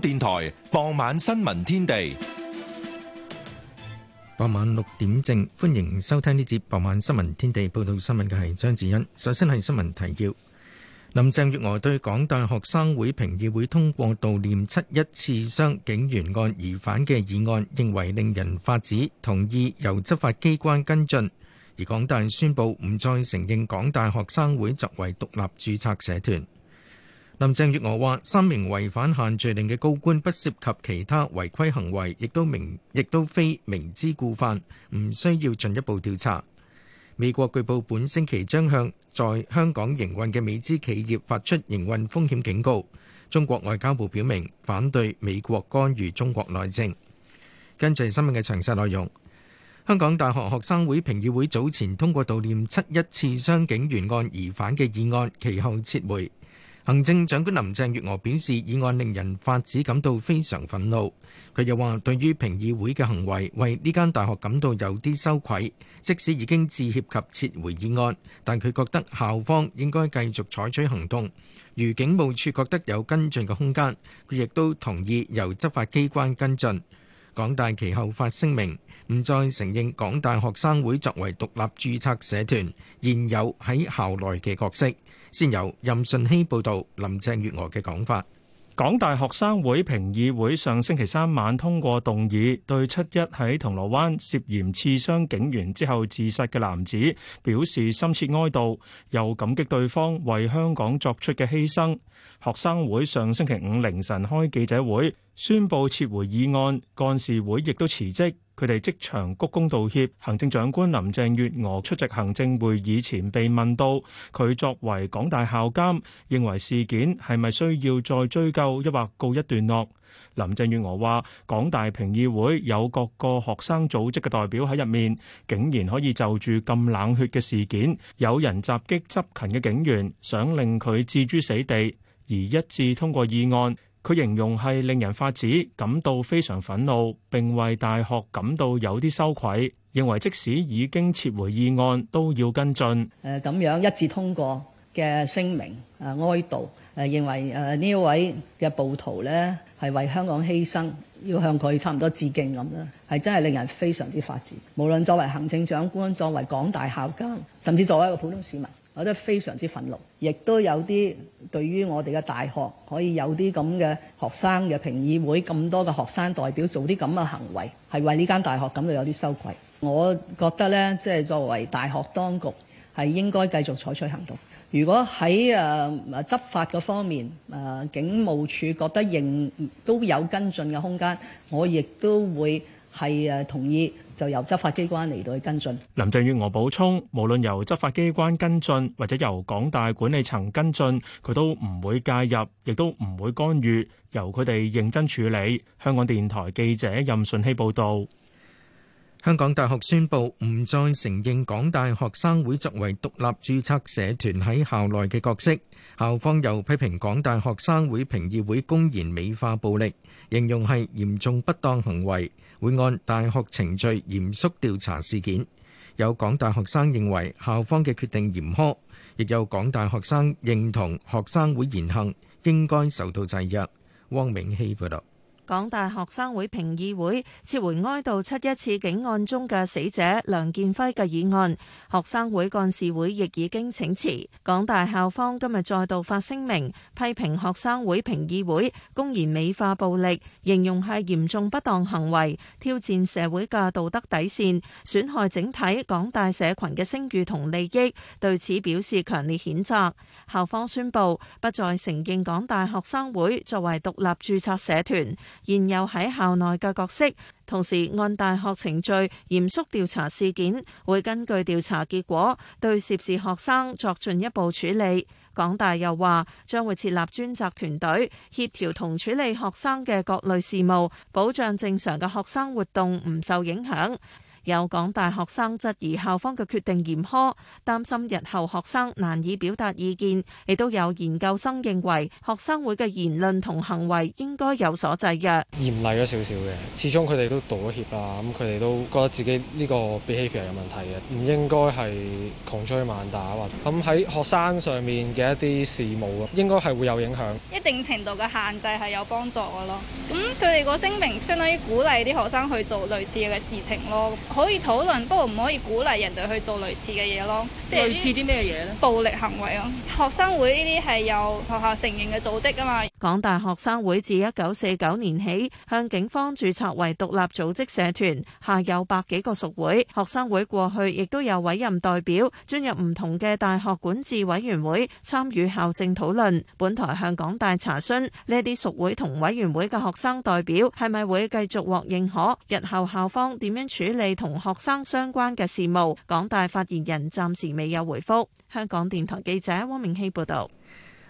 電台傍晚新聞天地，傍晚六點正，歡迎收聽呢節傍晚新聞天地。報道新聞嘅係張子欣。首先係新聞提要：林鄭月娥對港大學生會評議會通過悼念七一刺傷警員案疑犯嘅議案，認為令人發指，同意由執法機關跟進。而港大宣布唔再承認港大學生會作為獨立注冊社團。林鄭月娥話，三名違反限聚令嘅高官不涉及其他違規行為，亦都明亦都非明知故犯，唔需要進一步調查。美國據報本星期將向在香港營運嘅美資企業發出營運風險警告。中國外交部表明反對美國干預中國內政。跟住係新聞嘅詳細內容。香港大學學生會評議會早前通過悼念七一刺傷警員案疑犯嘅議案，其後撤回。行政長官林鄭月娥表示，議案令人髮指，感到非常憤怒。佢又話，對於評議會嘅行為，為呢間大學感到有啲羞愧。即使已經致歉及撤回議案，但佢覺得校方應該繼續採取行動。如警務處覺得有跟進嘅空間，佢亦都同意由執法機關跟進。港大其後發聲明，唔再承認港大學生會作為獨立註冊社團，現有喺校內嘅角色。先由任順希報道林鄭月娥嘅講法。港大學生會評議會上星期三晚通過動議，對七一喺銅鑼灣涉嫌刺傷警員之後自殺嘅男子表示深切哀悼，又感激對方為香港作出嘅犧牲。學生會上星期五凌晨開記者會，宣布撤回議案，幹事會亦都辭職。佢哋即場鞠躬道歉。行政長官林鄭月娥出席行政會議前被問到，佢作為港大校監，認為事件係咪需要再追究，抑或告一段落？林鄭月娥話：港大評議會有各個學生組織嘅代表喺入面，竟然可以就住咁冷血嘅事件，有人襲擊執勤嘅警員，想令佢置諸死地，而一致通過議案。佢形容係令人髮指，感到非常憤怒，並為大學感到有啲羞愧，認為即使已經撤回議案，都要跟進。誒咁樣一致通過嘅聲明，誒哀悼，誒認為誒呢一位嘅暴徒咧係為香港犧牲，要向佢差唔多致敬咁啦，係真係令人非常之發指。無論作為行政長官，作為港大校監，甚至作為一個普通市民，我覺得非常之憤怒，亦都有啲對於我哋嘅大學可以有啲咁嘅學生嘅評議會，咁多嘅學生代表做啲咁嘅行為，係為呢間大學感到有啲羞愧。我覺得呢，即係作為大學當局，係應該繼續採取行動。如果喺誒、呃、執法嗰方面，誒、呃、警務處覺得仍都有跟進嘅空間，我亦都會。係誒同意，就由執法機關嚟到去跟進。林鄭月娥補充，無論由執法機關跟進或者由港大管理層跟進，佢都唔會介入，亦都唔會干預，由佢哋認真處理。香港電台記者任順希報導。香港大學宣布唔再承認港大學生會作為獨立註冊社團喺校內嘅角色，校方又批評港大學生會評議會公然美化暴力，形容係嚴重不當行為，會按大學程序嚴肅調查事件。有港大學生認為校方嘅決定嚴苛，亦有港大學生認同學生會言行應該受到制約。汪明熙報道。港大學生會評議會撤回哀悼七一次警案中嘅死者梁建輝嘅議案，學生會幹事會亦已經請辭。港大校方今日再度發聲明，批評學生會評議會公然美化暴力，形容係嚴重不當行為，挑戰社會嘅道德底線，損害整體港大社群嘅聲譽同利益，對此表示強烈譴責。校方宣布不再承認港大學生會作為獨立注冊社團。現有喺校內嘅角色，同時按大學程序嚴肅調查事件，會根據調查結果對涉事學生作進一步處理。港大又話將會設立專責團隊，協調同處理學生嘅各類事務，保障正常嘅學生活動唔受影響。有港大學生質疑校方嘅決定嚴苛，擔心日後學生難以表達意見。亦都有研究生認為學生會嘅言論同行為應該有所制約。嚴厲咗少少嘅，始終佢哋都道咗歉啦，咁佢哋都覺得自己呢個 behavior 有問題嘅，唔應該係窮追猛打或咁喺學生上面嘅一啲事務啊，應該係會有影響。一定程度嘅限制係有幫助㗎咯，咁佢哋個聲明相當於鼓勵啲學生去做類似嘅事情咯。可以討論，不過唔可以鼓勵人哋去做類似嘅嘢咯。類似啲咩嘢咧？暴力行為啊？學生會呢啲係由學校承認嘅組織啊嘛。港大學生會自一九四九年起向警方註冊為獨立組織社團，下有百幾個屬會。學生會過去亦都有委任代表，進入唔同嘅大學管治委員會參與校政討論。本台向港大查詢呢啲屬會同委員會嘅學生代表係咪會繼續獲認可？日後校方點樣處理同同學生相關嘅事務，港大發言人暫時未有回覆。香港電台記者汪明熙報道，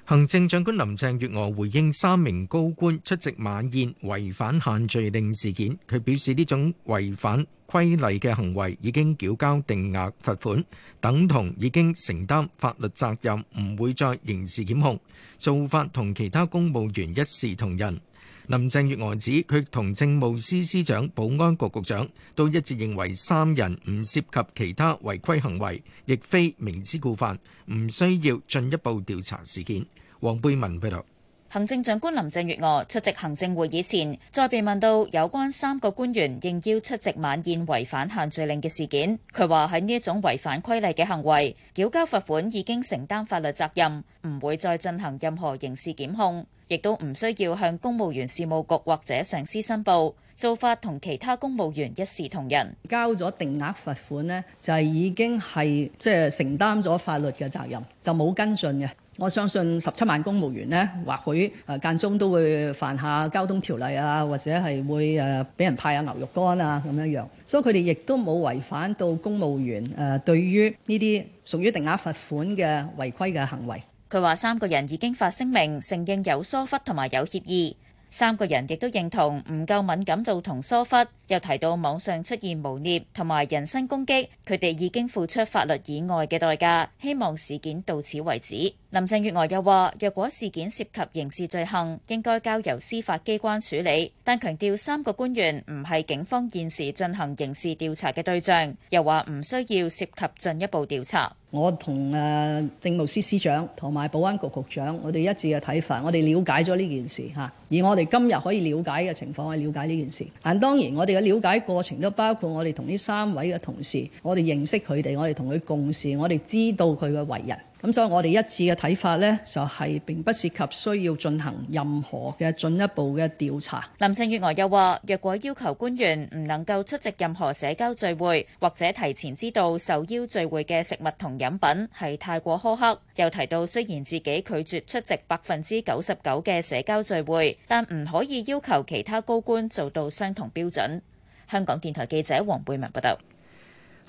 行政長官林鄭月娥回應三名高官出席晚宴違反限聚令事件，佢表示呢種違反規例嘅行為已經繳交定額罰款，等同已經承擔法律責任，唔會再刑事檢控，做法同其他公務員一視同仁。林鄭月娥指，佢同政務司司長、保安局局長都一致認為，三人唔涉及其他違規行為，亦非明知故犯，唔需要進一步調查事件。黃貝文報道。行政長官林鄭月娥出席行政會議前，再被問到有關三個官員應邀出席晚宴違反限聚令嘅事件，佢話喺呢一種違反規例嘅行為，繳交罰款已經承擔法律責任，唔會再進行任何刑事檢控，亦都唔需要向公務員事務局或者上司申報，做法同其他公務員一視同仁。交咗定額罰款呢，就係，係已經係即係承擔咗法律嘅責任，就冇跟進嘅。我相信十七萬公務員呢，或許誒間中都會犯下交通條例啊，或者係會誒俾人派下牛肉乾啊咁樣樣。所以佢哋亦都冇違反到公務員誒對於呢啲屬於定額罰款嘅違規嘅行為。佢話，三個人已經發聲明承認有疏忽同埋有協議，三個人亦都認同唔夠敏感度同疏忽。又提到網上出現誣蔑同埋人身攻擊，佢哋已經付出法律以外嘅代價，希望事件到此為止。林鄭月娥又話：若果事件涉及刑事罪行，應該交由司法機關處理，但強調三個官員唔係警方現時進行刑事調查嘅對象，又話唔需要涉及進一步調查。我同誒政務司司長同埋保安局局長，我哋一致嘅睇法，我哋了解咗呢件事嚇，以我哋今日可以了解嘅情況去了解呢件事，但當然我哋。了解過程都包括我哋同呢三位嘅同事，我哋認識佢哋，我哋同佢共事，我哋知道佢嘅為人。咁所以我哋一次嘅睇法呢，就係並不涉及需要進行任何嘅進一步嘅調查。林鄭月娥又話，若果要求官員唔能夠出席任何社交聚會，或者提前知道受邀聚會嘅食物同飲品係太過苛刻。又提到雖然自己拒絕出席百分之九十九嘅社交聚會，但唔可以要求其他高官做到相同標準。香港電台記者黃貝文報道。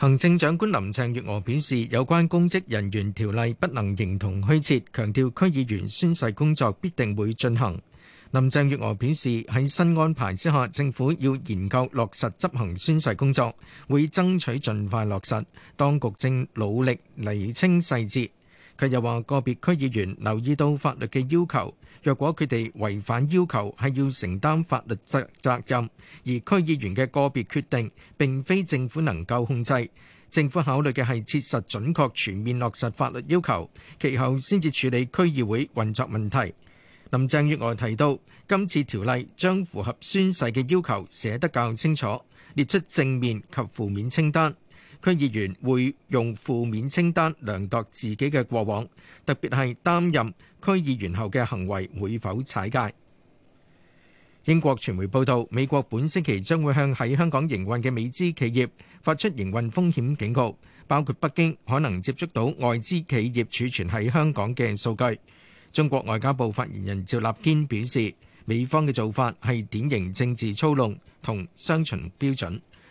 行政長官林鄭月娥表示，有關公職人員條例不能形同虛設，強調區議員宣誓工作必定會進行。林鄭月娥表示，喺新安排之下，政府要研究落實執行宣誓工作，會爭取盡快落實。當局正努力釐清細節，佢又話個別區議員留意到法律嘅要求。若果佢哋違反要求，係要承擔法律責責任；而區議員嘅個別決定並非政府能夠控制。政府考慮嘅係切實準確全面落實法律要求，其後先至處理區議會運作問題。林鄭月娥提到，今次條例將符合宣誓嘅要求寫得較清楚，列出正面及負面清單。區議員會用負面清單量度自己嘅過往，特別係擔任區議員後嘅行為會否踩界？英國傳媒報道，美國本星期將會向喺香港營運嘅美資企業發出營運風險警告，包括北京可能接觸到外資企業儲存喺香港嘅數據。中國外交部發言人趙立堅表示，美方嘅做法係典型政治操弄同雙重標準。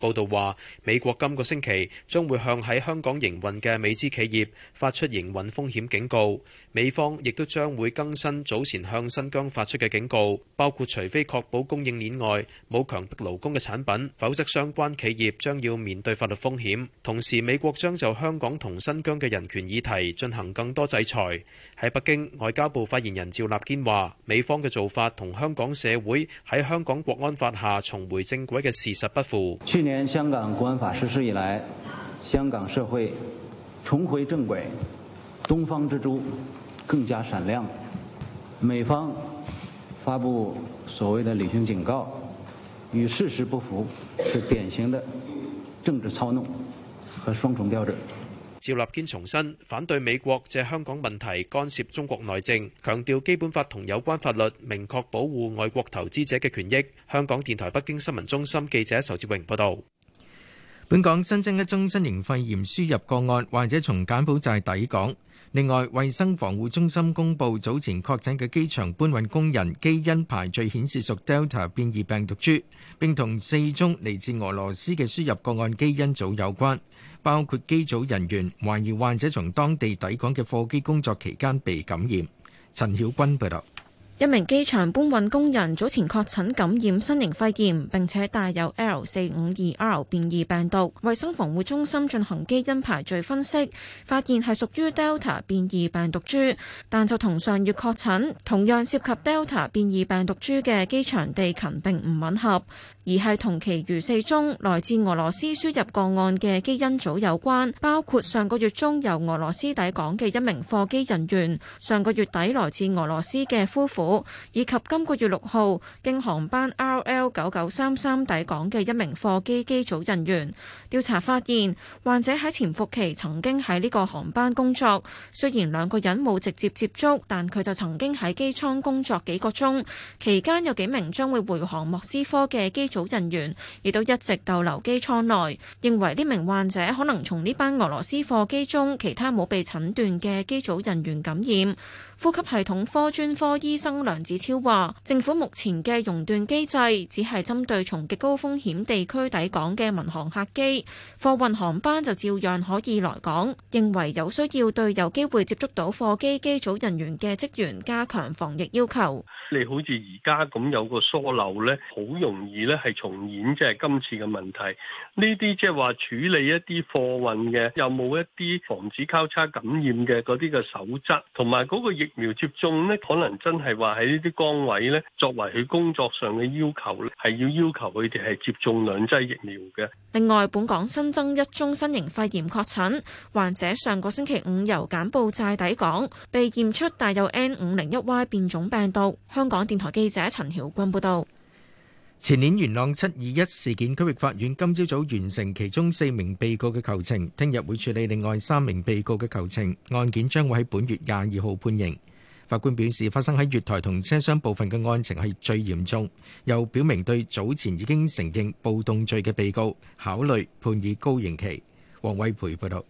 報道話，美國今個星期將會向喺香港營運嘅美資企業發出營運風險警告，美方亦都將會更新早前向新疆發出嘅警告，包括除非確保供應鏈外，冇強迫勞工嘅產品，否則相關企業將要面對法律風險。同時，美國將就香港同新疆嘅人權議題進行更多制裁。喺北京，外交部發言人趙立堅話：美方嘅做法同香港社會喺香港國安法下重回正軌嘅事實不符。去年香港國安法實施以來，香港社會重回正軌，東方之珠更加閃亮。美方發布所謂嘅「旅行警告」，與事實不符，是典型的政治操弄和雙重標準。趙立堅重申反對美國借香港問題干涉中國內政，強調基本法同有關法律明確保護外國投資者嘅權益。香港電台北京新聞中心記者仇志榮報道。本港新增一宗新型肺炎輸入個案，患者從柬埔寨抵港。另外，衛生防護中心公布早前確診嘅機場搬運工人基因排序顯示屬 Delta 變異病毒株，並同四宗嚟自俄羅斯嘅輸入個案基因組有關。包括機組人員懷疑患者從當地抵港嘅貨機工作期間被感染。陳曉君報導，一名機場搬運工人早前確診感染新型肺炎，病並且帶有 L 452 R 變異病毒。衛生防護中心進行基因排序分析，發現係屬於 Delta 變異病毒株，但就同上月確診同樣涉及 Delta 變異病毒株嘅機場地勤並唔吻合。而係同其餘四宗來自俄羅斯輸入個案嘅基因組有關，包括上個月中由俄羅斯抵港嘅一名貨機人員，上個月底來自俄羅斯嘅夫婦，以及今個月六號經航班 RL 九九三三抵港嘅一名貨機機組人員。調查發現，患者喺潛伏期曾經喺呢個航班工作，雖然兩個人冇直接接觸，但佢就曾經喺機艙工作幾個鐘，期間有幾名將會回航莫斯科嘅機組。組人員亦都一直逗留機艙內，認為呢名患者可能從呢班俄羅斯貨機中其他冇被診斷嘅機組人員感染。呼吸系統科專科醫生梁子超話，政府目前嘅熔斷機制只係針對從極高風險地區抵港嘅民航客機，貨運航班就照樣可以來港，認為有需要對有機會接觸到貨機機組人員嘅職員加強防疫要求。你好似而家咁有個疏漏咧，好容易咧係重演即係今次嘅問題呢啲即係話處理一啲貨運嘅，有冇一啲防止交叉感染嘅嗰啲嘅守則同埋嗰個疫疫苗接種呢，可能真係話喺呢啲崗位呢，作為佢工作上嘅要求咧，係要要求佢哋係接種兩劑疫苗嘅。另外，本港新增一宗新型肺炎確診患者，上個星期五由柬埔寨抵港，被驗出帶有 N 五零一 Y 變種病毒。香港電台記者陳曉君報道。前年元朗七二一事件區域法院今朝早完成其中四名被告嘅求情，聽日會處理另外三名被告嘅求情，案件將會喺本月廿二號判刑。法官表示，發生喺月台同車廂部分嘅案情係最嚴重，又表明對早前已經承認暴動罪嘅被告考慮判以高刑期。黃偉培報道。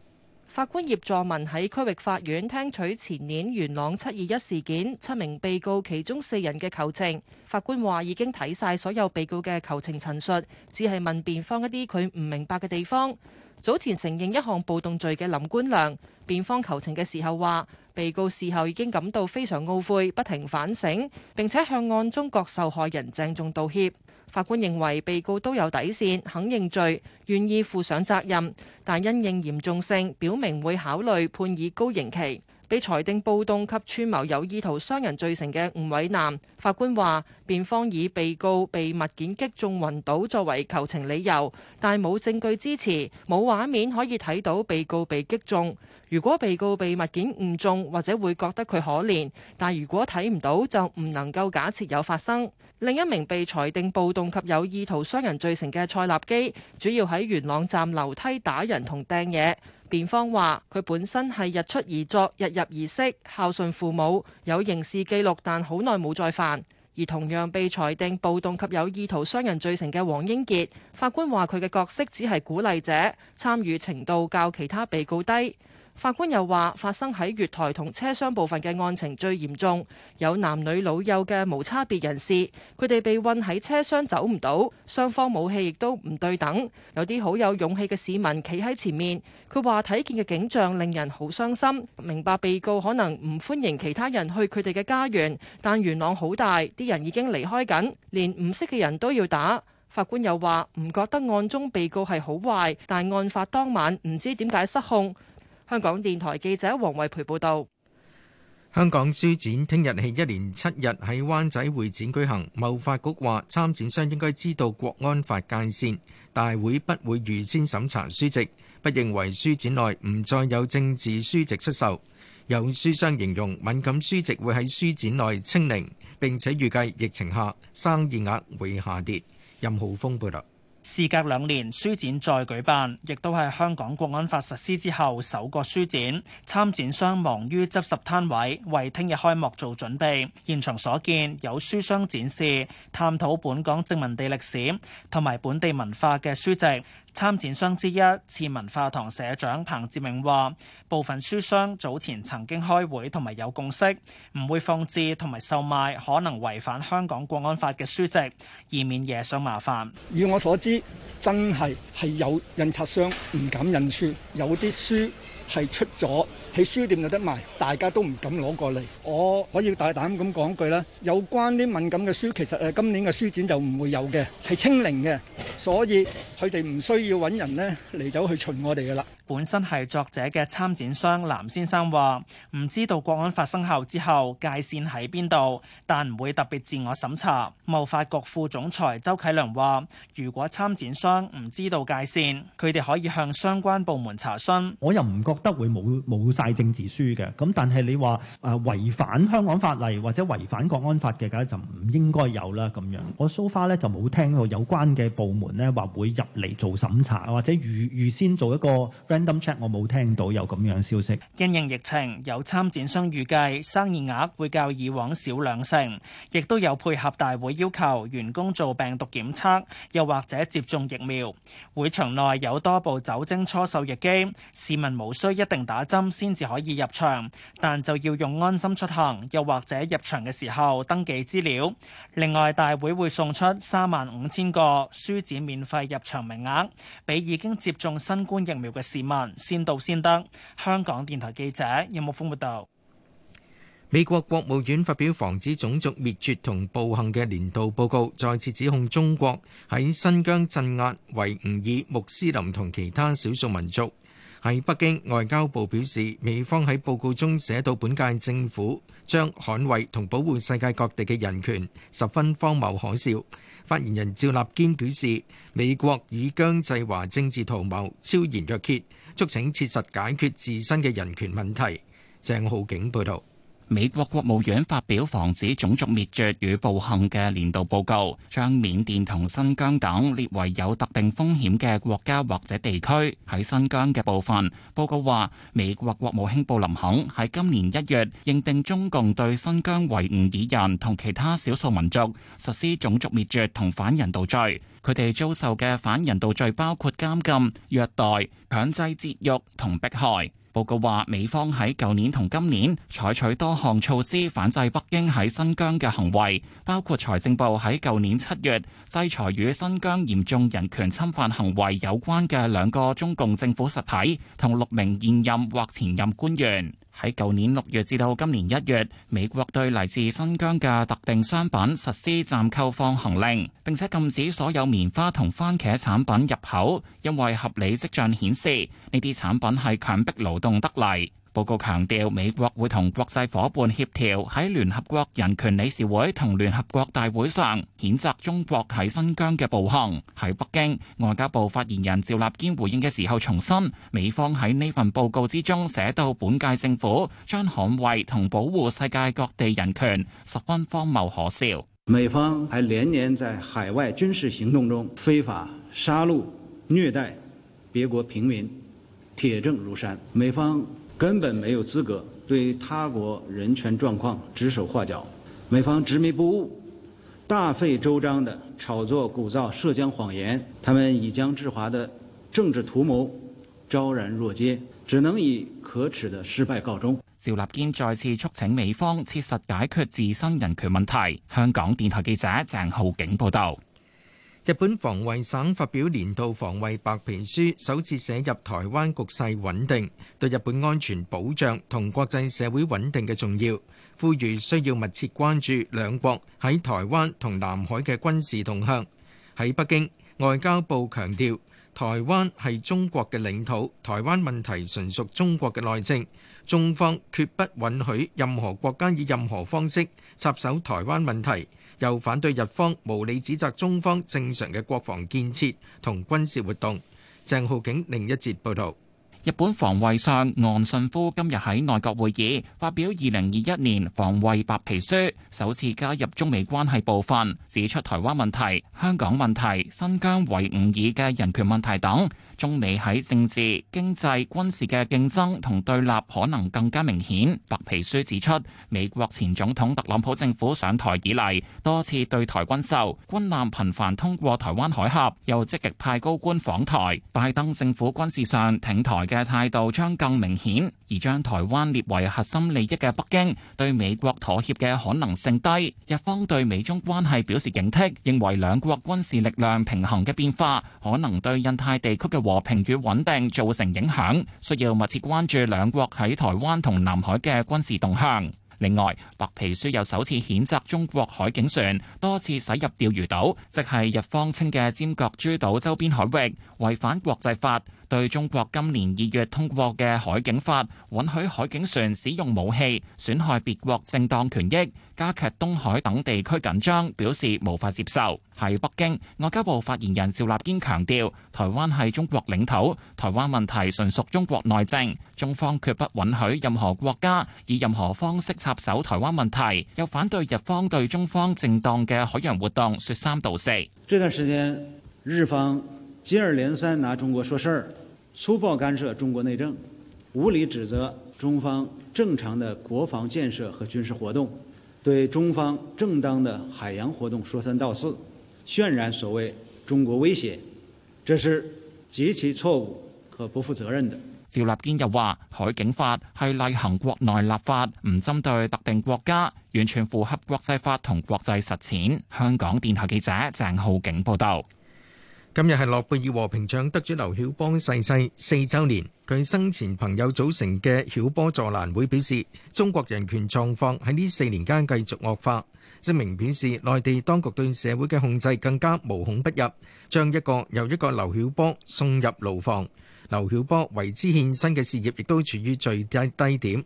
法官葉佐文喺區域法院聽取前年元朗七二一事件七名被告其中四人嘅求情。法官話已經睇晒所有被告嘅求情陳述，只係問辯方一啲佢唔明白嘅地方。早前承認一項暴動罪嘅林官良，辯方求情嘅時候話，被告事後已經感到非常懊悔，不停反省，並且向案中各受害人鄭重道歉。法官認為被告都有底線，肯認罪，願意負上責任，但因應嚴重性，表明會考慮判以高刑期。被裁定暴動及串謀有意圖傷人罪成嘅吳偉南，法官話：辯方以被告被物件擊中暈倒作為求情理由，但冇證據支持，冇畫面可以睇到被告被擊中。如果被告被物件誤中，或者會覺得佢可憐，但如果睇唔到，就唔能夠假設有發生。另一名被裁定暴動及有意圖傷人罪成嘅蔡立基，主要喺元朗站樓梯打人同掟嘢。辯方話佢本身係日出而作，日入而息，孝順父母，有刑事記錄，但好耐冇再犯。而同樣被裁定暴動及有意圖傷人罪成嘅黃英傑，法官話佢嘅角色只係鼓勵者，參與程度較其他被告低。法官又話：發生喺月台同車廂部分嘅案情最嚴重，有男女老幼嘅無差別人士，佢哋被困喺車廂走唔到，雙方武器亦都唔對等。有啲好有勇氣嘅市民企喺前面。佢話睇見嘅景象令人好傷心，明白被告可能唔歡迎其他人去佢哋嘅家園，但元朗好大，啲人已經離開緊，連唔識嘅人都要打。法官又話：唔覺得案中被告係好壞，但案發當晚唔知點解失控。香港電台記者王慧培報道：香港書展聽日起一連七日喺灣仔會展舉行。貿發局話，參展商應該知道國安法界線，大會不會預先審查書籍，不認為書展內唔再有政治書籍出售。有書商形容敏感書籍會喺書展內清零，並且預計疫情下生意額會下跌。任浩峰報道。事隔兩年，書展再舉辦，亦都係香港國安法實施之後首個書展。參展商忙於執拾攤位，為聽日開幕做準備。現場所見，有書商展示、探討本港殖民地歷史同埋本地文化嘅書籍。參展商之一、次文化堂社長彭志明話，部分書商早前曾經開會，同埋有共識唔會放置同埋售賣可能違反香港國安法嘅書籍，以免惹上麻煩。以我所知，真係係有印刷商唔敢印書，有啲書，係出咗喺書店有得賣，大家都唔敢攞過嚟。我可以大膽咁講句啦，有關啲敏感嘅書，其實誒今年嘅書展就唔會有嘅，係清零嘅，所以佢哋唔需要揾人咧嚟走去巡我哋㗎啦。本身係作者嘅參展商，藍先生話唔知道國安法生效之後界線喺邊度，但唔會特別自我審查。貿發局副總裁周啟良話，如果參展商唔知道界線，佢哋可以向相關部門查詢，我又唔覺得會冇冇晒政治書嘅，咁但係你話誒、啊、違反香港法例或者違反國安法嘅，梗就唔應該有啦，咁樣我 so far 咧就冇聽過有關嘅部門咧話會入嚟做審查，或者預預先做一個。andom check，我冇聽到有咁樣消息。因應疫情，有參展商預計生意額會較以往少兩成，亦都有配合大會要求，員工做病毒檢測，又或者接種疫苗。會場內有多部酒精搓手液機，市民無需一定打針先至可以入場，但就要用安心出行，又或者入場嘅時候登記資料。另外，大會會送出三萬五千個書展免費入場名額，畀已經接種新冠疫苗嘅市民。先到先得。香港電台記者任木峯報道。美國國務院發表防止種族滅絕同暴行嘅年度報告，再次指控中國喺新疆鎮壓維吾爾穆斯林同其他少數民族。喺北京外交部表示，美方喺報告中寫到，本屆政府將捍衛同保護世界各地嘅人權十分荒謬可笑。發言人趙立堅表示，美國以疆制華政治圖謀昭然若揭。促請切實解決自身嘅人權問題，鄭浩景報導。美國國務院發表防止種族滅絕與暴行嘅年度報告，將緬甸同新疆等列為有特定風險嘅國家或者地區。喺新疆嘅部分，報告話，美國國務卿布林肯喺今年一月認定中共對新疆維吾爾人同其他少數民族實施種族滅絕同反人道罪。佢哋遭受嘅反人道罪包括監禁、虐待、強制節育同迫害。報告話，美方喺舊年同今年採取多項措施反制北京喺新疆嘅行為，包括財政部喺舊年七月制裁與新疆嚴重人權侵犯行為有關嘅兩個中共政府實體同六名現任或前任官員。喺舊年六月至到今年一月，美國對嚟自新疆嘅特定商品實施暫扣放行令，並且禁止所有棉花同番茄產品入口，因為合理跡象顯示，呢啲產品係強迫勞動得嚟。報告強調，美國會同國際夥伴協調喺聯合國人權理事會同聯合國大會上譴責中國喺新疆嘅暴行。喺北京，外交部發言人趙立堅回應嘅時候重申，美方喺呢份報告之中寫到本屆政府將捍衛同保護世界各地人權，十分荒謬可笑。美方還連年在海外軍事行動中非法殺戮虐待別國平民，鐵證如山。美方。根本沒有資格對他國人權狀況指手畫腳，美方執迷不悟，大費周章的炒作鼓噪涉疆謊言，他們以疆治華的政治圖謀昭然若揭，只能以可恥的失敗告終。趙立堅再次促請美方切實解決自身人權問題。香港電台記者鄭浩景報道。日本防衛省發表年度防衛白皮書，首次寫入，台灣局勢穩定對日本安全保障同國際社會穩定嘅重要，呼籲需要密切關注兩國喺台灣同南海嘅軍事動向。喺北京，外交部強調台灣係中國嘅領土，台灣問題純屬中國嘅內政，中方決不允許任何國家以任何方式插手台灣問題。又反對日方無理指責中方正常嘅國防建設同軍事活動。鄭浩景另一節報道。日本防衛相岸信夫今日喺內閣會議發表二零二一年防衛白皮書，首次加入中美關係部分，指出台灣問題、香港問題、新疆維吾爾嘅人權問題等。中美喺政治、經濟、軍事嘅競爭同對立可能更加明顯。白皮書指出，美國前總統特朗普政府上台以嚟，多次對台軍售、軍艦頻繁通過台灣海峽，又積極派高官訪台，拜登政府軍事上挺台嘅態度將更明顯，而將台灣列為核心利益嘅北京，對美國妥協嘅可能性低。日方對美中關係表示警惕，認為兩國軍事力量平衡嘅變化，可能對印太地區嘅和平與穩定造成影響，需要密切關注兩國喺台灣同南海嘅軍事動向。另外，白皮書又首次譴責中國海警船多次駛入釣魚島，即係日方稱嘅尖閣諸島周邊海域，違反國際法。對中國今年二月通過嘅海警法，允許海警船使用武器，損害別國正當權益，加劇東海等地區緊張，表示無法接受。喺北京，外交部發言人趙立堅強調，台灣係中國領土，台灣問題純屬中國內政，中方決不允許任何國家以任何方式插手台灣問題，又反對日方對中方正當嘅海洋活動説三道四。這段時間，日方，接二連三拿中國說事，粗暴干涉中國內政，無理指責中方正常的國防建設和軍事活動，對中方正當的海洋活動說三道四，渲染所謂中國威脅，這是極其錯誤和不負責任的。趙立堅又話：海警法係例行國內立法，唔針對特定國家，完全符合國際法同國際實踐。香港電台記者鄭浩景報道。今日係諾貝爾和平獎得主劉曉波逝世四周年。佢生前朋友組成嘅曉波助瀾會表示，中國人權狀況喺呢四年間繼續惡化。聲明表示，內地當局對社會嘅控制更加無孔不入，將一個又一個劉曉波送入牢房。劉曉波為之獻身嘅事業亦都處於最低低點。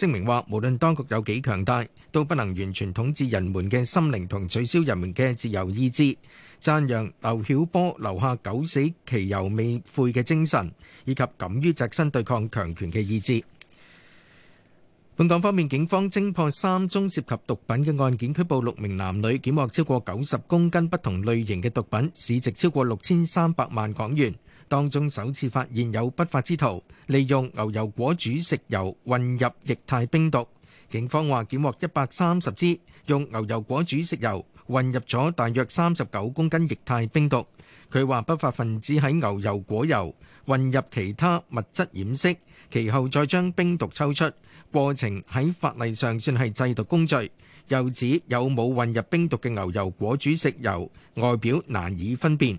聲明話，無論當局有幾強大，都不能完全統治人們嘅心靈同取消人們嘅自由意志。讚揚劉曉波留下九死其猶未悔嘅精神，以及敢於隻身對抗強權嘅意志。本港方面，警方偵破三宗涉及毒品嘅案件，拘捕六名男女，檢獲超過九十公斤不同類型嘅毒品，市值超過六千三百萬港元。當中首次發現有不法之徒利用牛油果煮食油混入液態冰毒，警方話檢獲一百三十支，用牛油果煮食油混入咗大約三十九公斤液態冰毒。佢話不法分子喺牛油果油混入其他物質掩飾，其後再將冰毒抽出，過程喺法例上算係製毒工序。又指有冇混入冰毒嘅牛油果煮食油，外表難以分辨。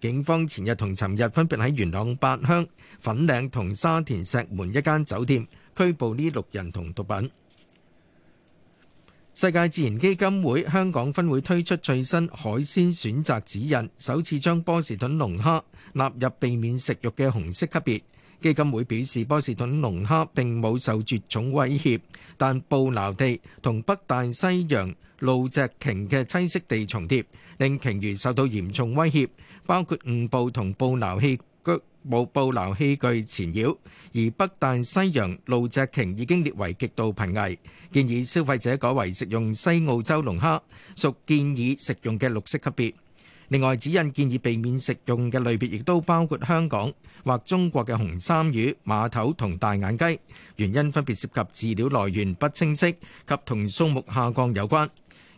警方前日同尋日分別喺元朗八鄉、粉嶺同沙田石門一間酒店拘捕呢六人同毒品。世界自然基金會香港分會推出最新海鮮選擇指引，首次將波士頓龍蝦納入避免食肉嘅紅色級別。基金會表示，波士頓龍蝦並冇受絕種威脅，但捕撈地同北大西洋露脊鯨嘅棲息地重疊，令鯨魚受到嚴重威脅，包括誤捕同捕撈器具捕捕撈器具纏繞。而北大西洋露脊鯨已經列為極度瀕危，建議消費者改為食用西澳洲龍蝦，屬建議食用嘅綠色級別。另外指引建議避免食用嘅類別，亦都包括香港或中國嘅紅衫魚、馬頭同大眼雞，原因分別涉及資料來源不清晰及同數目下降有關。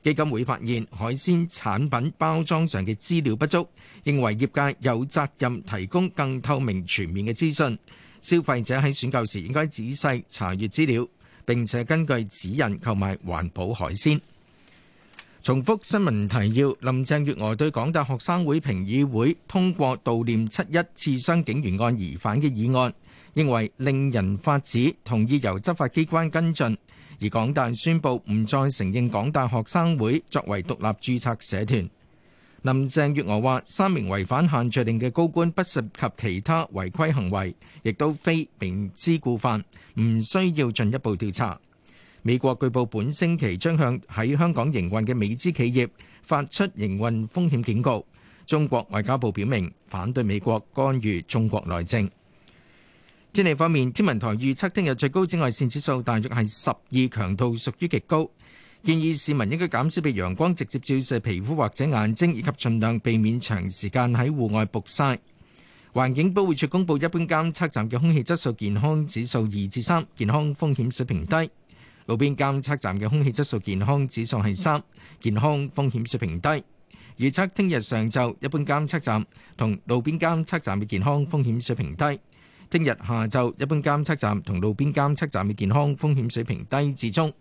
基金會發現海鮮產品包裝上嘅資料不足，認為業界有責任提供更透明全面嘅資訊。消費者喺選購時應該仔細查閱資料，並且根據指引購買環保海鮮。重複新聞提要：林鄭月娥對港大學生會評議會通過悼念七一刺傷警員案疑犯嘅議案。認為令人髮指，同意由執法機關跟進。而港大宣布唔再承認港大學生會作為獨立註冊社團。林鄭月娥話，三名違反限聚令嘅高官不涉及其他違規行為，亦都非明知故犯，唔需要進一步調查。美國據報本星期將向喺香港營運嘅美資企業發出營運風險警告。中國外交部表明反對美國干預中國內政。天氣方面，天文台預測聽日最高紫外線指數大約係十二強度，屬於極高。建議市民應該減少被陽光直接照射皮膚或者眼睛，以及盡量避免長時間喺戶外曝曬。環境保護署公布，一般監測站嘅空氣質素健康指數二至三，健康風險水平低；路邊監測站嘅空氣質素健康指數係三，健康風險水平低。預測聽日上晝，一般監測站同路邊監測站嘅健康風險水平低。聽日下晝，一般監測站同路邊監測站嘅健康風險水平低至中。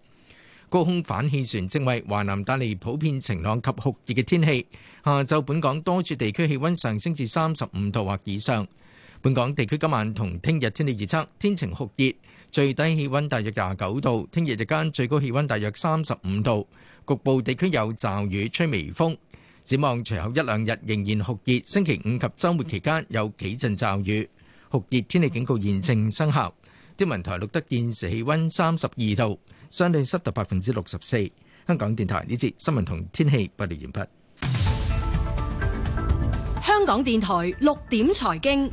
高空反氣旋正為華南帶嚟普遍晴朗及酷熱嘅天氣。下晝本港多處地區氣溫上升至三十五度或以上。本港地區今晚同聽日天氣預測天晴酷熱，最低氣溫大約廿九度。聽日日間最高氣溫大約三十五度，局部地區有驟雨，吹微風。展望隨後一兩日仍然酷熱，星期五及週末期間有幾陣驟雨。酷熱天氣警告，現正生效。天文台錄得現時氣溫三十二度，相對濕度百分之六十四。香港電台呢節新聞同天氣報道完畢。香港電台六點財經，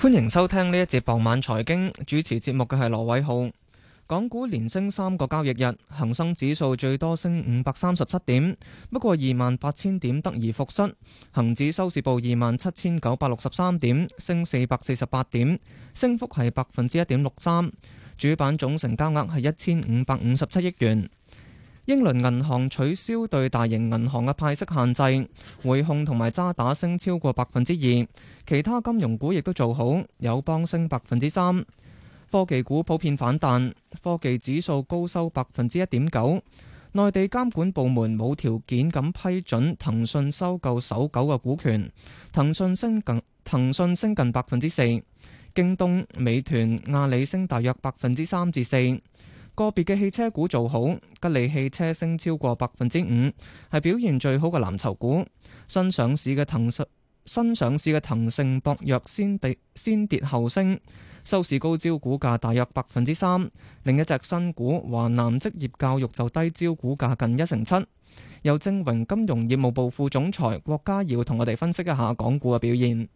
歡迎收聽呢一節傍晚財經。主持節目嘅係羅偉浩。港股連升三個交易日，恒生指數最多升五百三十七點，不過二萬八千點得而復失，恒指收市報二萬七千九百六十三點，升四百四十八點，升幅係百分之一點六三，主板總成交額係一千五百五十七億元。英倫銀行取消對大型銀行嘅派息限制，匯控同埋渣打升超過百分之二，其他金融股亦都做好，友邦升百分之三。科技股普遍反彈，科技指數高收百分之一點九。內地監管部門冇條件咁批准騰訊收購搜狗嘅股權，騰訊升近騰訊升近百分之四，京東、美團、阿里升大約百分之三至四。個別嘅汽車股做好，吉利汽車升超過百分之五，係表現最好嘅藍籌股。新上市嘅騰訊。新上市嘅騰盛博藥先跌先跌後升，收市高招股價大約百分之三。另一隻新股華南職業教育就低招股價近一成七。有正榮金融業務部副總裁郭家耀同我哋分析一下港股嘅表現。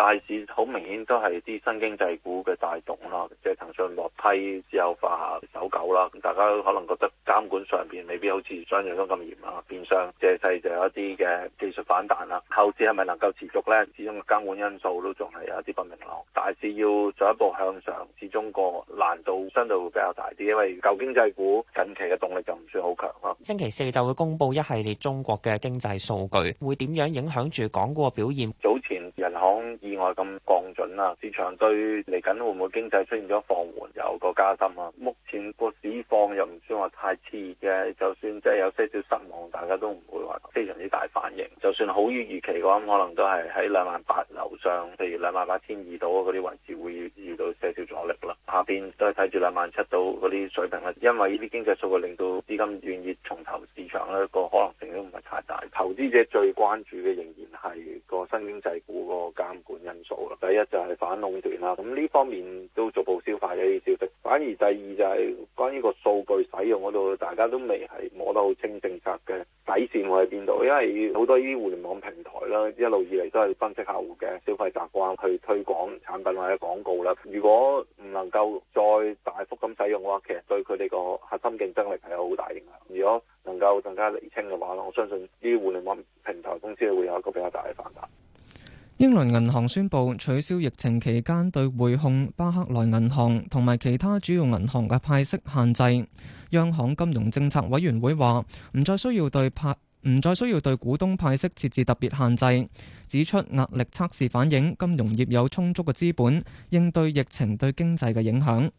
大市好明顯都係啲新經濟股嘅帶動啦，即係騰訊獲批之後化下搜狗啦，大家可能覺得監管上面未必好似想像中咁嚴啊。變相借勢就有一啲嘅技術反彈啦。後市係咪能夠持續咧？始終監管因素都仲係有一啲不明朗。大市要進一步向上，始終個難度相對會比較大啲，因為舊經濟股近期嘅動力就唔算好強啦。星期四就會公布一系列中國嘅經濟數據，會點樣影響住港股嘅表現？早前人行，意外咁降準啦，市場對嚟緊會唔會經濟出現咗放緩有個加深啊？目前個市況，又唔算話太熾熱，嘅，就算即係有些少失望，大家都唔會話非常之大反應。就算好於預期嘅話，可能都係喺兩萬八樓上，譬如兩萬八千二度嗰啲位置。都係睇住兩萬七到嗰啲水平啦，因為呢啲經濟數據令到資金願意重投市場咧，個可能性都唔係太大。投資者最關注嘅仍然係個新經濟股個監管因素啦。第一就係反壟斷啦，咁呢方面都逐步消化咗啲消息。反而第二就係、是、關於個數據使用嗰度，大家都未係摸得好清政策嘅底線會喺邊度？因為好多呢啲互聯網平台啦，一路以嚟都係分析客戶嘅消費習慣去推廣產品或者廣告啦。如果唔能夠去大幅咁使用嘅話，其實對佢哋個核心競爭力係有好大影響。如果能夠更加厘清嘅話，我相信呢啲互聯網平台公司會有一個比較大嘅反彈。英倫銀行宣佈取消疫情期間對匯控、巴克萊銀行同埋其他主要銀行嘅派息限制。央行金融政策委員會話唔再需要對派唔再需要對股東派息設置特別限制，指出壓力測試反映金融業有充足嘅資本應對疫情對經濟嘅影響。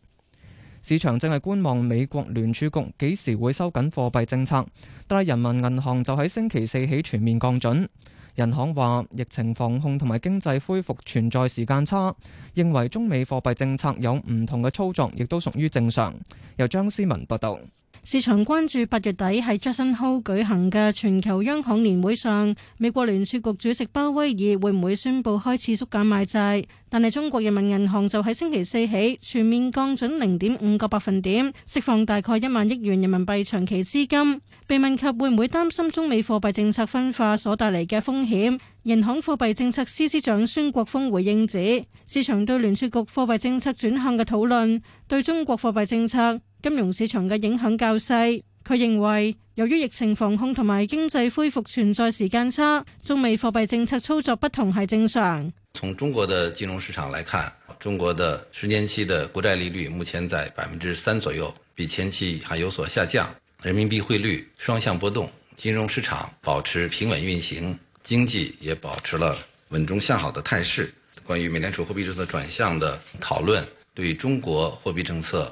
市場正係觀望美國聯儲局幾時會收緊貨幣政策，但係人民銀行就喺星期四起全面降準。銀行話疫情防控同埋經濟恢復存在時間差，認為中美貨幣政策有唔同嘅操作，亦都屬於正常。由張思文報道。市場關注八月底喺 Jackson Hole 舉行嘅全球央行年會上，美國聯儲局主席鮑威爾會唔會宣布開始縮減買債？但係中國人民銀行就喺星期四起全面降準零點五個百分點，釋放大概一萬億元人民幣長期資金。被問及會唔會擔心中美貨幣政策分化所帶嚟嘅風險，銀行貨幣政策司司長孫國峰回應指，市場對聯儲局貨幣政策轉向嘅討論，對中國貨幣政策。金融市場嘅影響較細。佢認為，由於疫情防控同埋經濟恢復存在時間差，中美貨幣政策操作不同係正常。從中國的金融市場來看，中國的十年期的國債利率目前在百分之三左右，比前期還有所下降。人民幣匯率雙向波動，金融市場保持平穩運行，經濟也保持了穩中向好的態勢。關於美聯儲貨幣政策轉向的討論，對中國貨幣政策，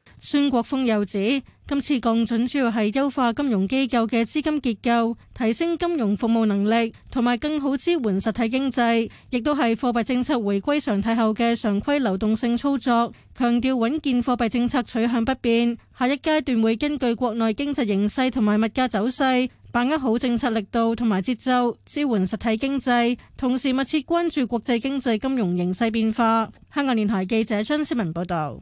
孫國峰又指，今次降準主要係優化金融機構嘅資金結構，提升金融服務能力，同埋更好支援實體經濟，亦都係貨幣政策回歸常態後嘅常規流動性操作。強調穩健貨幣政策取向不變，下一階段會根據國內經濟形勢同埋物價走勢，把握好政策力度同埋節奏，支援實體經濟。同時密切關注國際經濟金融形勢變化。香港電台記者張思文報道。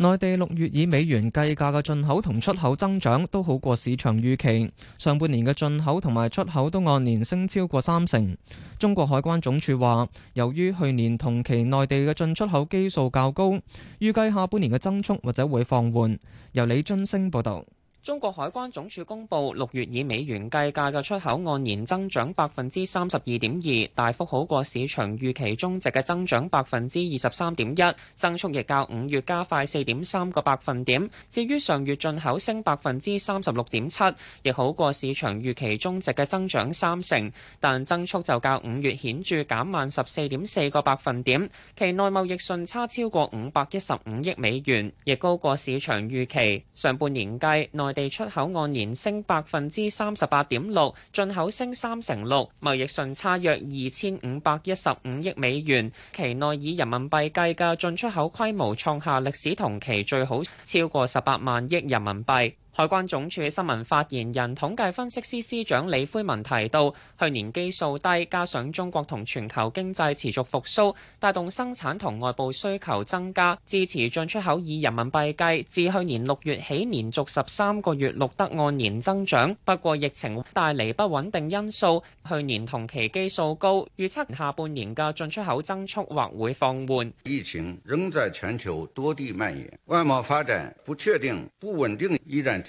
內地六月以美元計價嘅進口同出口增長都好過市場預期，上半年嘅進口同埋出口都按年升超過三成。中國海關總署話，由於去年同期內地嘅進出口基數較高，預計下半年嘅增速或者會放緩。由李津升報導。中國海關總署公布，六月以美元計價嘅出口按年增長百分之三十二點二，大幅好過市場預期中值嘅增長百分之二十三點一，增速亦較五月加快四點三個百分點。至於上月進口升百分之三十六點七，亦好過市場預期中值嘅增長三成，但增速就較五月顯著減慢十四點四個百分點。期內貿易順差超過五百一十五億美元，亦高過市場預期。上半年計內內地出口按年升百分之三十八點六，進口升三成六，貿易順差約二千五百一十五億美元。期內以人民幣計嘅進出口規模創下歷史同期最好，超過十八萬億人民幣。海關總署新聞發言人、統計分析司司長李魁文提到，去年基數低，加上中國同全球經濟持續復蘇，帶動生產同外部需求增加，支持進出口以人民幣計，自去年六月起，連續十三個月錄得按年增長。不過疫情帶嚟不穩定因素，去年同期基數高，預測下半年嘅進出口增速或會放緩。疫情仍在全球多地蔓延，外貿發展不確定、不穩定依然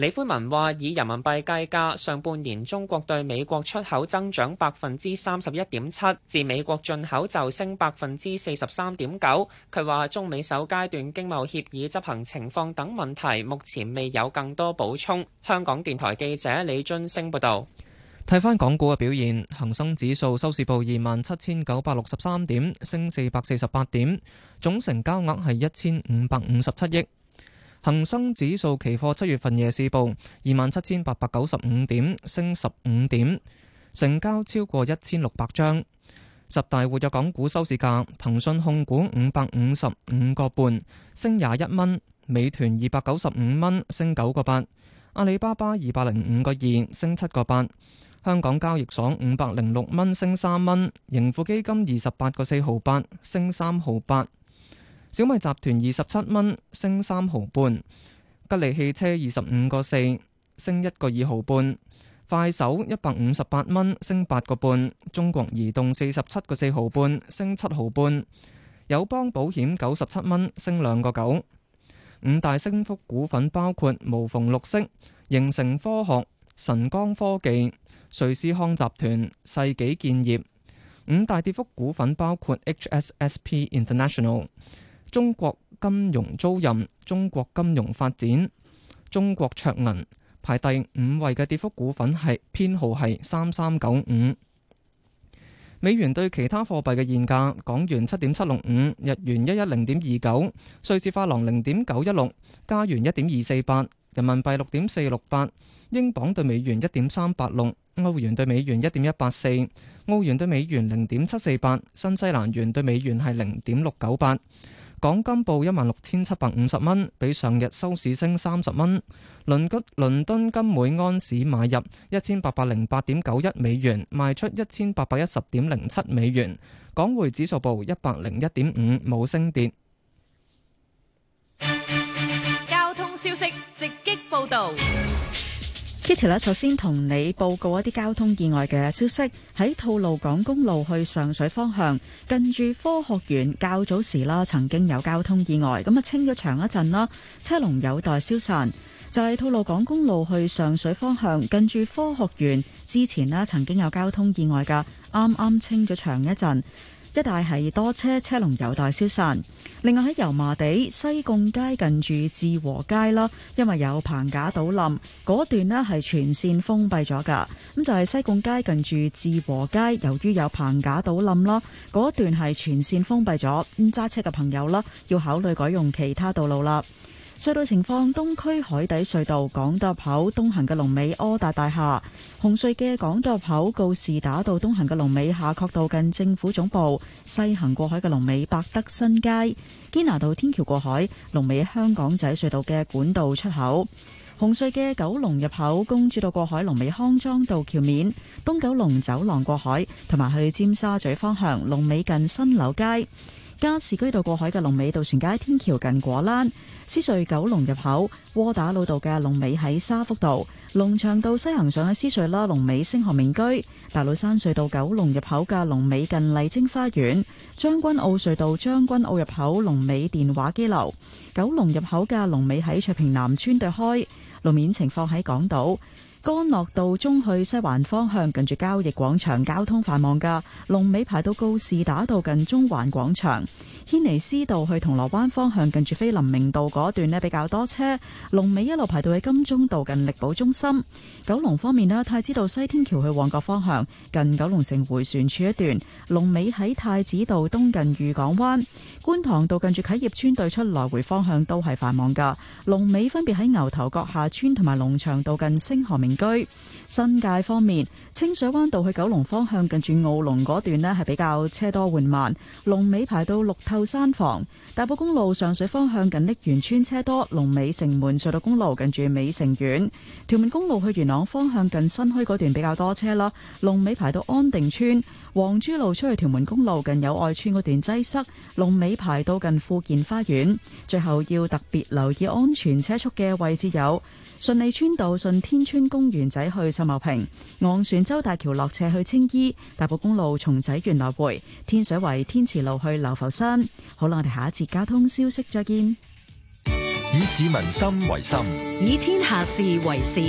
李歡文話：以人民幣計價，上半年中國對美國出口增長百分之三十一點七，自美國進口就升百分之四十三點九。佢話中美首階段經貿協議執行情況等問題，目前未有更多補充。香港電台記者李津升報道。睇翻港股嘅表現，恒生指數收市報二萬七千九百六十三點，升四百四十八點，總成交額係一千五百五十七億。恆生指數期貨七月份夜市報二萬七千八百九十五點，升十五點，成交超過一千六百張。十大活躍港股收市價：騰訊控股五百五十五個半，升廿一蚊；美團二百九十五蚊，升九個八；阿里巴巴二百零五個二，升七個八；香港交易所五百零六蚊，升三蚊；盈富基金二十八個四毫八，升三毫八。小米集團二十七蚊，升三毫半，吉利汽車二十五個四，升一個二毫半，快手一百五十八蚊，升八個半，中國移動四十七個四毫半，升七毫半，友邦保險九十七蚊，升兩個九。五大升幅股份包括無縫綠色、形成科學、晨光科技、瑞斯康集團、世紀建業。五大跌幅股份包括 HSSP International。中國金融租賃、中國金融發展、中國卓銀。排第五位嘅跌幅股份係編號係三三九五。美元對其他貨幣嘅現價：港元七點七六五，日元一一零點二九，瑞士法郎零點九一六，加元一點二四八，人民幣六點四六八，英鎊對美元一點三八六，歐元對美元一點一八四，澳元對美元零點七四八，新西蘭元對美元係零點六九八。港金報一萬六千七百五十蚊，比上日收市升三十蚊。倫敦金每安士買入一千八百零八點九一美元，賣出一千八百一十點零七美元。港匯指數報一百零一點五，冇升跌。交通消息直擊報道。Kitty，首先同你報告一啲交通意外嘅消息。喺吐露港公路去上水方向，近住科學園較早時啦，曾經有交通意外，咁啊清咗長一陣啦，車龍有待消散。就係、是、吐露港公路去上水方向，近住科學園之前啦，曾經有交通意外嘅，啱啱清咗長一陣。一帶係多車，車龍有待消散。另外喺油麻地西貢街近住志和街啦，因為有棚架倒冧，嗰段呢係全線封閉咗噶。咁就係西貢街近住志和街，由於有棚架倒冧啦，嗰段係全線封閉咗。咁揸車嘅朋友啦，要考慮改用其他道路啦。隧道情況：東區海底隧道港島入口東行嘅龍尾柯達大廈；紅隧嘅港島入口告士打道東行嘅龍尾夏慤道近政府總部；西行過海嘅龍尾百德新街；堅拿道天橋過海龍尾香港仔隧道嘅管道出口；紅隧嘅九龍入口公主道過海龍尾康莊道橋面；東九龍走廊過海同埋去尖沙咀方向龍尾近新柳街。加士居道過海嘅龍尾渡船街天橋近果欄，獅隧九龍入口窩打老道嘅龍尾喺沙福道，龍翔道西行上嘅獅隧啦，龍尾星河明居，大老山隧道九龍入口嘅龍尾近麗晶花園，將軍澳隧道將軍澳入口龍尾電話機樓，九龍入口嘅龍尾喺翠屏南村對開，路面情況喺港島。干諾道中去西環方向，近住交易廣場，交通繁忙噶，龍尾排到高士打道近中環廣場。軒尼詩道去銅鑼灣方向，近住菲林明道嗰段呢，比較多車。龍尾一路排到喺金鐘道近力寶中心。九龍方面呢，太子道西天橋去旺角方向，近九龍城回旋處一段，龍尾喺太子道東近御港灣。觀塘道近住啟業邨對出來回方向都係繁忙㗎。龍尾分別喺牛頭角下村同埋龍翔道近星河名居。新界方面，清水灣道去九龍方向近住澳龍嗰段呢係，比較車多緩慢。龍尾排到綠透。山房，大埔公路上水方向近瀝源村車多，龍尾城門隧道公路近住美城苑。屯門公路去元朗方向近新墟嗰段比較多車啦，龍尾排到安定村。皇珠路出去屯門公路近友愛村嗰段擠塞，龍尾排到近富健花園。最後要特別留意安全車速嘅位置有。順利村道順天村公園仔去秀茂坪昂船洲大橋落斜去青衣，大埔公路松仔園來回天水圍天慈路去流浮山。好啦，我哋下一次交通消息再見。以市民心為心，以天下事為事。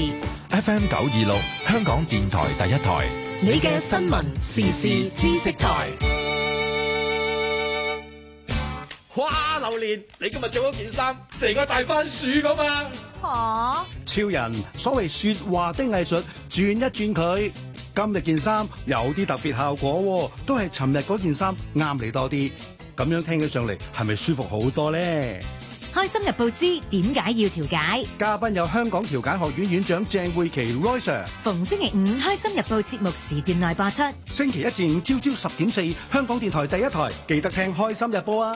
F M 九二六，香港電台第一台，你嘅新聞時事知識台。嘩，榴蓮，你今日着嗰件衫成個大番薯咁啊！哦，超人，所謂說話的藝術，轉一轉佢。今日件衫有啲特別效果，都係尋日嗰件衫啱你多啲。咁樣聽起上嚟係咪舒服好多咧？開心日報知點解？要調解嘉賓有香港調解學院院長鄭慧琪 Rosa，逢星期五開心日報節目時段內播出，星期一至五朝朝十點四，香港電台第一台，記得聽開心日報啊！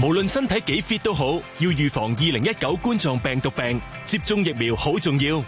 無論身體幾 fit 都好，要預防二零一九冠狀病毒病，接種疫苗好重要。